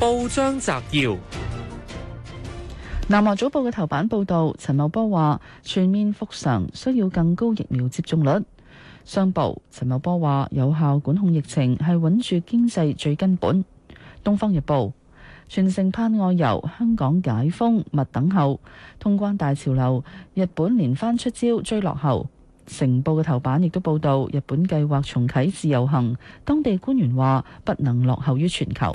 報章摘要：南華早報嘅頭版報道，陳茂波話全面復常需要更高疫苗接種率。商報陳茂波話，有效管控疫情係穩住經濟最根本。東方日報全城盼外遊，香港解封勿等候，通關大潮流。日本連番出招追落後。成報嘅頭版亦都報道，日本計劃重啟自由行，當地官員話不能落後於全球。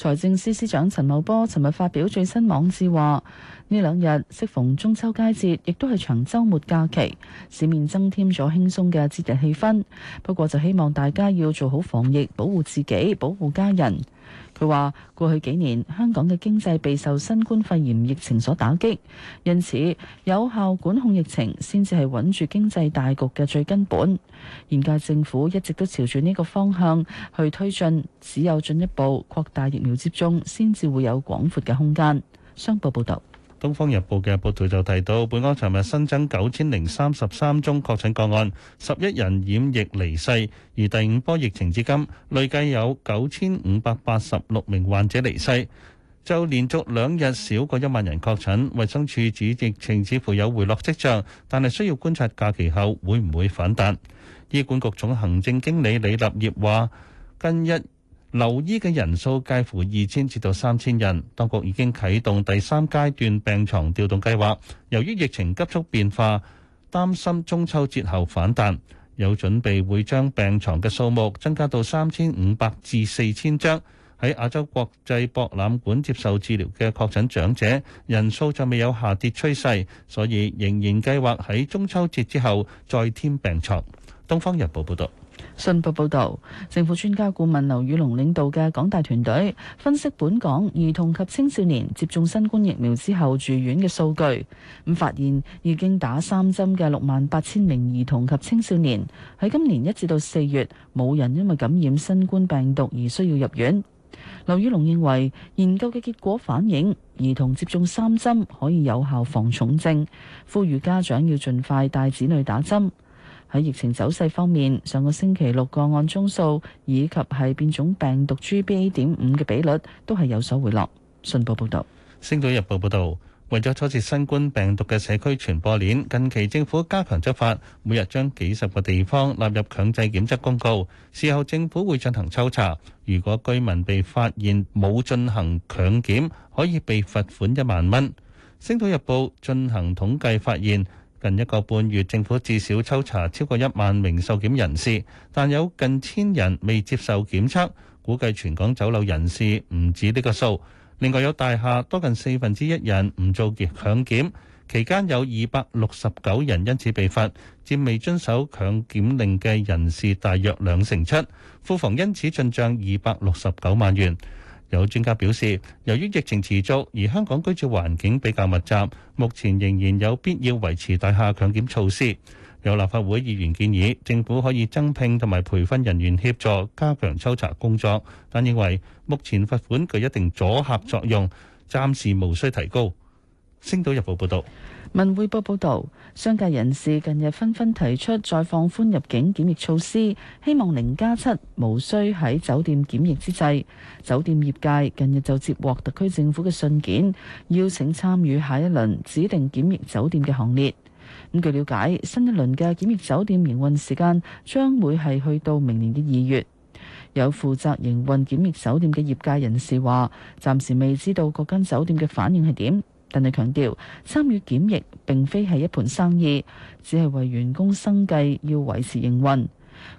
財政司司長陳茂波尋日發表最新網誌話：呢兩日適逢中秋佳節，亦都係長周末假期，市面增添咗輕鬆嘅節日氣氛。不過就希望大家要做好防疫，保護自己，保護家人。佢話：過去幾年，香港嘅經濟備受新冠肺炎疫情所打擊，因此有效管控疫情先至係穩住經濟大局嘅最根本。現屆政府一直都朝住呢個方向去推進，只有進一步擴大疫苗接種，先至會有廣闊嘅空間。商報報道。《東方日報》嘅報道就提到，本港尋日新增九千零三十三宗確診個案，十一人染疫離世，而第五波疫情至今累計有九千五百八十六名患者離世。就連續兩日少過一萬人確診，衛生署指疫情似乎有回落跡象，但係需要觀察假期後會唔會反彈。醫管局總行政經理李立業話，近日留醫嘅人數介乎二千至到三千人，當局已經啟動第三階段病床調動計劃。由於疫情急速變化，擔心中秋節後反彈，有準備會將病床嘅數目增加到三千五百至四千張。喺亞洲國際博覽館接受治療嘅確診長者人數就未有下跌趨勢，所以仍然計劃喺中秋節之後再添病床。東方日報報道。信報報導，政府專家顧問劉宇龍領導嘅港大團隊分析本港兒童及青少年接種新冠疫苗之後住院嘅數據，咁發現已經打三針嘅六萬八千名兒童及青少年喺今年一至到四月冇人因為感染新冠病毒而需要入院。劉宇龍認為研究嘅結果反映兒童接種三針可以有效防重症，呼籲家長要盡快帶子女打針。喺疫情走勢方面，上個星期六個案宗數以及係變種病毒 GBA. 點五嘅比率都係有所回落。信報報道，《星島日報》報道：「為咗阻截新冠病毒嘅社區傳播鏈，近期政府加強執法，每日將幾十個地方納入強制檢測公告，事後政府會進行抽查。如果居民被發現冇進行強檢，可以被罰款一萬蚊。」《星島日報》進行統計發現。近一個半月，政府至少抽查超過一萬名受檢人士，但有近千人未接受檢測，估計全港酒樓人士唔止呢個數。另外有大廈多近四分之一人唔做強檢，期間有二百六十九人因此被罰，佔未遵守強檢令嘅人士大約兩成七，庫房因此進帳二百六十九萬元。有專家表示，由於疫情持續，而香港居住環境比較密集，目前仍然有必要維持大廈強檢措施。有立法會議員建議，政府可以增聘同埋培訓人員協助加強抽查工作，但認為目前罰款具一定阻嚇作用，暫時無需提高。星島日報報道。文匯報報道，商界人士近日紛紛提出再放寬入境檢疫措施，希望零加七無需喺酒店檢疫之際，酒店業界近日就接獲特區政府嘅信件，邀請參與下一輪指定檢疫酒店嘅行列。咁據了解，新一輪嘅檢疫酒店營運時間將會係去到明年嘅二月。有負責營運檢疫酒店嘅業界人士話，暫時未知道嗰間酒店嘅反應係點。但係強調，參與檢疫並非係一盤生意，只係為員工生計要維持營運。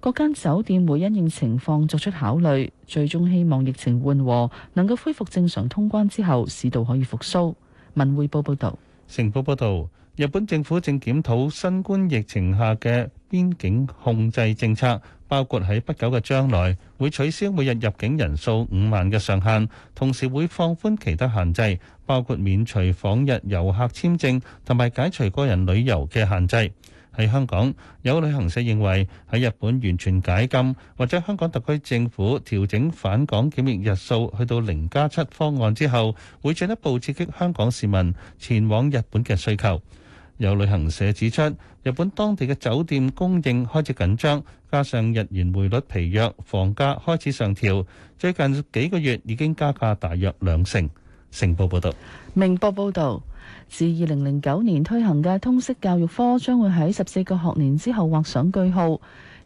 各間酒店會因應情況作出考慮，最終希望疫情緩和能夠恢復正常通關之後，市道可以復甦。文匯報報導。成報報導，日本政府正檢討新冠疫情下嘅邊境控制政策，包括喺不久嘅將來會取消每日入境人數五萬嘅上限，同時會放寬其他限制。包括免除訪日遊客簽證，同埋解除個人旅遊嘅限制。喺香港，有旅行社認為喺日本完全解禁，或者香港特區政府調整返港檢疫日數去到零加七方案之後，會進一步刺激香港市民前往日本嘅需求。有旅行社指出，日本當地嘅酒店供應開始緊張，加上日元匯率疲弱，房價開始上調，最近幾個月已經加價大約兩成。成報報道，明報報道，自二零零九年推行嘅通識教育科將會喺十四個學年之後劃上句號。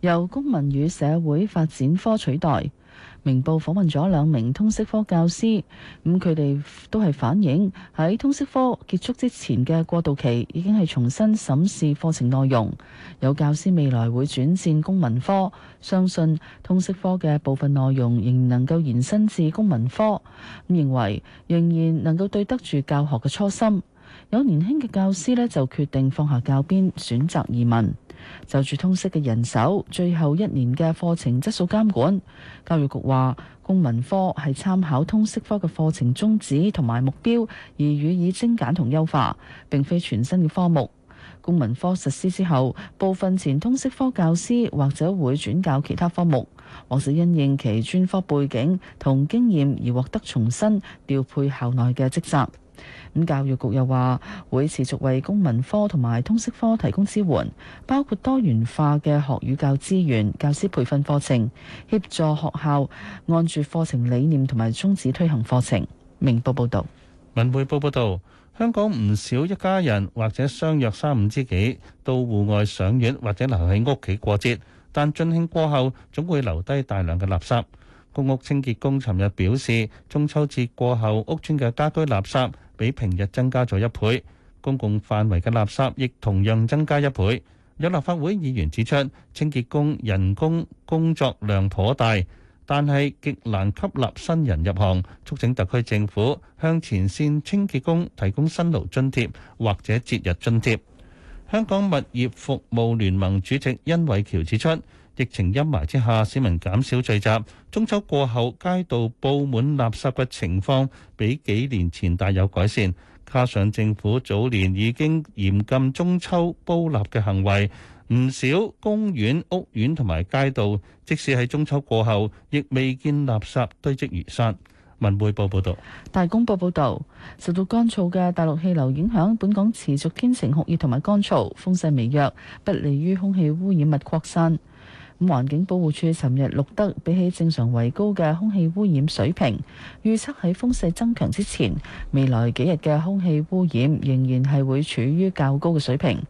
由公民與社會發展科取代。明報訪問咗兩名通識科教師，咁佢哋都係反映喺通識科結束之前嘅過渡期，已經係重新審視課程內容。有教師未來會轉戰公民科，相信通識科嘅部分內容仍然能夠延伸至公民科，咁認為仍然能夠對得住教學嘅初心。有年輕嘅教師呢，就決定放下教鞭，選擇移民。就住通識嘅人手，最後一年嘅課程質素監管，教育局話公民科係參考通識科嘅課程宗旨同埋目標而予以精簡同優化，並非全新嘅科目。公民科實施之後，部分前通識科教師或者會轉教其他科目，或是因應其專科背景同經驗而獲得重新調配校內嘅職責。咁教育局又話會持續為公民科同埋通識科提供支援，包括多元化嘅學與教資源、教師培訓課程，協助學校按住課程理念同埋宗旨推行課程。明報報導，文匯報報道：「香港唔少一家人或者相約三五知己到戶外賞月或者留喺屋企過節，但盡興過後總會留低大量嘅垃圾。公屋清潔工尋日表示，中秋節過後屋村嘅家居垃圾，比平日增加咗一倍，公共範圍嘅垃圾亦同樣增加一倍。有立法會議員指出，清潔工人工工作量頗大，但係極難吸納新人入行，促請特區政府向前線清潔工提供辛勞津貼或者節日津貼，香港物業服務聯盟主席殷偉橋指出。疫情陰霾之下，市民減少聚集。中秋過後街道布滿垃圾嘅情況比幾年前大有改善。加上政府早年已經嚴禁中秋煲蠟嘅行為，唔少公園屋苑、同埋街道，即使喺中秋過後亦未見垃圾堆積如山。文匯報報道。大公報報道，受到乾燥嘅大陸氣流影響，本港持續天晴酷熱同埋乾燥，風勢微弱，不利於空氣污染物擴散。環境保護署尋日錄得比起正常為高嘅空氣污染水平，預測喺風勢增強之前，未來幾日嘅空氣污染仍然係會處於較高嘅水平。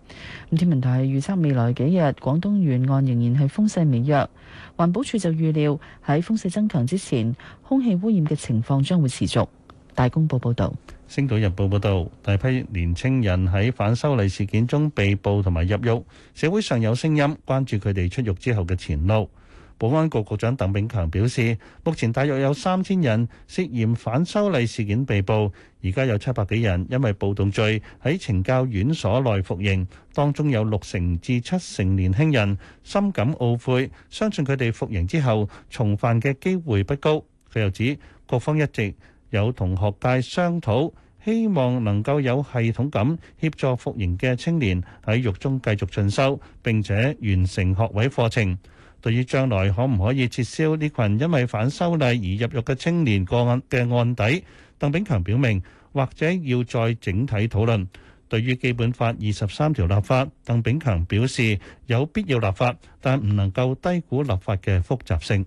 咁天文台係預測未來幾日廣東沿岸仍然係風勢微弱，環保署就預料喺風勢增強之前，空氣污染嘅情況將會持續。大公報報道。星島日報報導，大批年青人喺反修例事件中被捕同埋入獄，社會上有聲音關注佢哋出獄之後嘅前路。保安局局長鄧炳強表示，目前大約有三千人涉嫌反修例事件被捕，而家有七百幾人因為暴動罪喺懲教院所內服刑，當中有六成至七成年輕人深感懊悔，相信佢哋服刑之後重犯嘅機會不高。佢又指，各方一直有同學界商討，希望能夠有系統咁協助服刑嘅青年喺獄中繼續進修，並且完成學位課程。對於將來可唔可以撤銷呢群因為反修例而入獄嘅青年個案嘅案底，鄧炳強表明，或者要再整體討論。對於《基本法》二十三條立法，鄧炳強表示有必要立法，但唔能夠低估立法嘅複雜性。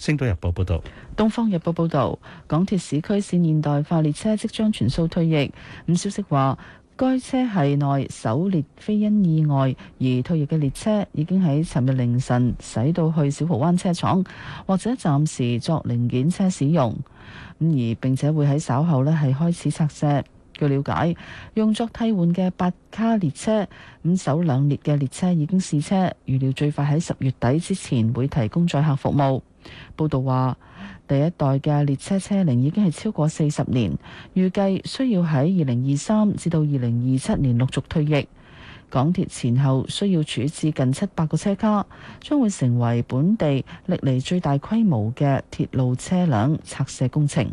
《星島日報》報道，《東方日報》報道，港鐵市區綫現代化列車即將全數退役。咁消息話，該車係內首列非因意外而退役嘅列車，已經喺尋日凌晨駛到去小蠔灣車廠，或者暫時作零件車使用。咁而並且會喺稍後咧係開始拆卸。據了解，用作替換嘅八卡列車，咁首兩列嘅列車已經試車，預料最快喺十月底之前會提供載客服務。報道話，第一代嘅列車車齡已經係超過四十年，預計需要喺，二零二三至到二零二七年陸續退役。港鐵前後需要處置近七百個車卡，將會成為本地歷嚟最大規模嘅鐵路車輛拆卸工程。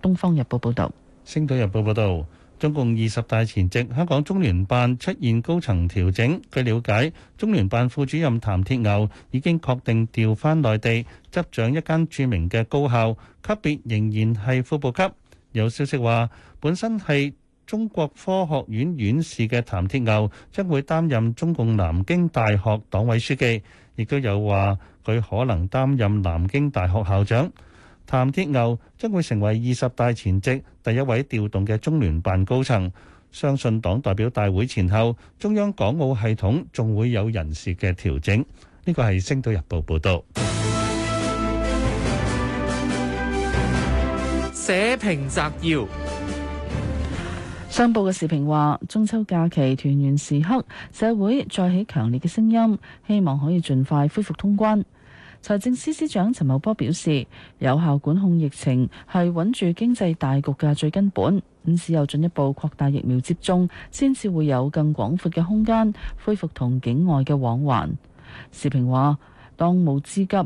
東方日報報道，星島日報報道。中共二十大前夕，香港中聯辦出現高層調整。據瞭解，中聯辦副主任譚鐵牛已經確定調翻內地，執掌一間著名嘅高校，級別仍然係副部級。有消息話，本身係中國科學院院士嘅譚鐵牛，將會擔任中共南京大學黨委書記，亦都有話佢可能擔任南京大學校長。譚鐵牛將會成為二十大前夕第一位調動嘅中聯辦高層，相信黨代表大會前後，中央港澳系統仲會有人事嘅調整。呢個係《星島日報》報道。社評摘要，商報嘅時評話：中秋假期團圓時刻，社會再起強烈嘅聲音，希望可以盡快恢復通關。財政司司長陳茂波表示，有效管控疫情係穩住經濟大局嘅最根本。咁只有進一步擴大疫苗接種，先至會有更廣闊嘅空間恢復同境外嘅往還。時評話，當務之急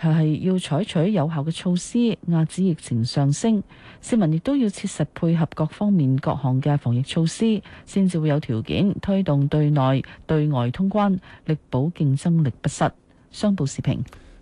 係要採取有效嘅措施壓止疫情上升，市民亦都要切實配合各方面各項嘅防疫措施，先至會有條件推動對內對外通關，力保競爭力不失。商報時評。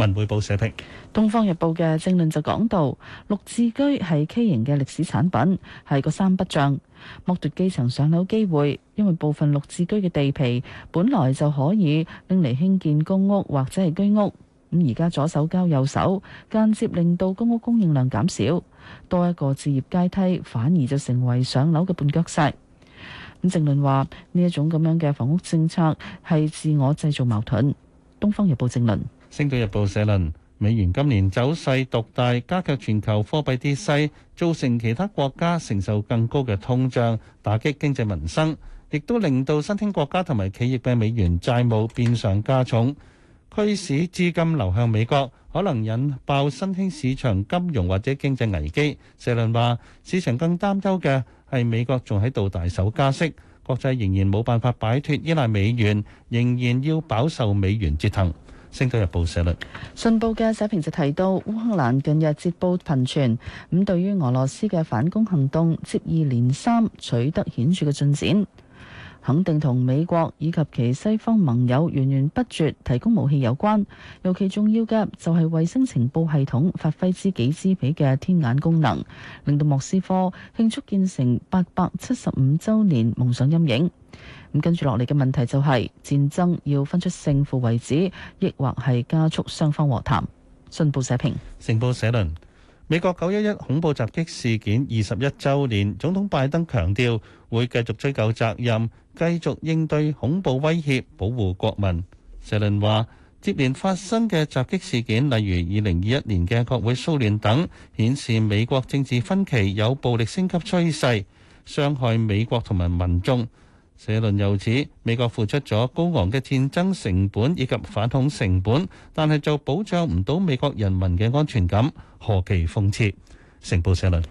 文匯報社評，《東方日報》嘅政論就講到，綠置居係畸形嘅歷史產品，係個三不像，剝奪基層上樓機會，因為部分綠置居嘅地皮本來就可以拎嚟興建公屋或者係居屋。咁而家左手交右手，間接令到公屋供應量減少，多一個置業階梯，反而就成為上樓嘅絆腳石。咁、嗯、政論話呢一種咁樣嘅房屋政策係自我製造矛盾。《東方日報》政論。《星島日報》社論：美元今年走勢獨大，加強全球貨幣跌勢，造成其他國家承受更高嘅通脹打擊經濟民生，亦都令到新興國家同埋企業嘅美元債務變相加重，驅使資金流向美國，可能引爆新興市場金融或者經濟危機。社論話：市場更擔憂嘅係美國仲喺度大手加息，國際仍然冇辦法擺脱依賴美元，仍然要飽受美元折騰。《星島日報》寫啦，信報嘅社評就提到，烏克蘭近日捷報頻傳，咁對於俄羅斯嘅反攻行動接二連三取得顯著嘅進展，肯定同美國以及其西方盟友源源不絕提供武器有關，尤其重要嘅就係衛星情報系統發揮知己知彼嘅天眼功能，令到莫斯科慶祝建成八百七十五周年夢想陰影。咁跟住落嚟嘅問題就係戰爭要分出勝負為止，亦或係加速雙方和談？信報社評。成報社論：美國九一一恐怖襲擊事件二十一週年，總統拜登強調會繼續追究責任，繼續應對恐怖威脅，保護國民。社論話，接連發生嘅襲擊事件，例如二零二一年嘅國會騷亂等，顯示美國政治分歧有暴力升級趨勢，傷害美國同埋民眾。社論又指，美國付出咗高昂嘅戰爭成本以及反恐成本，但係就保障唔到美國人民嘅安全感，何其諷刺！成報社論。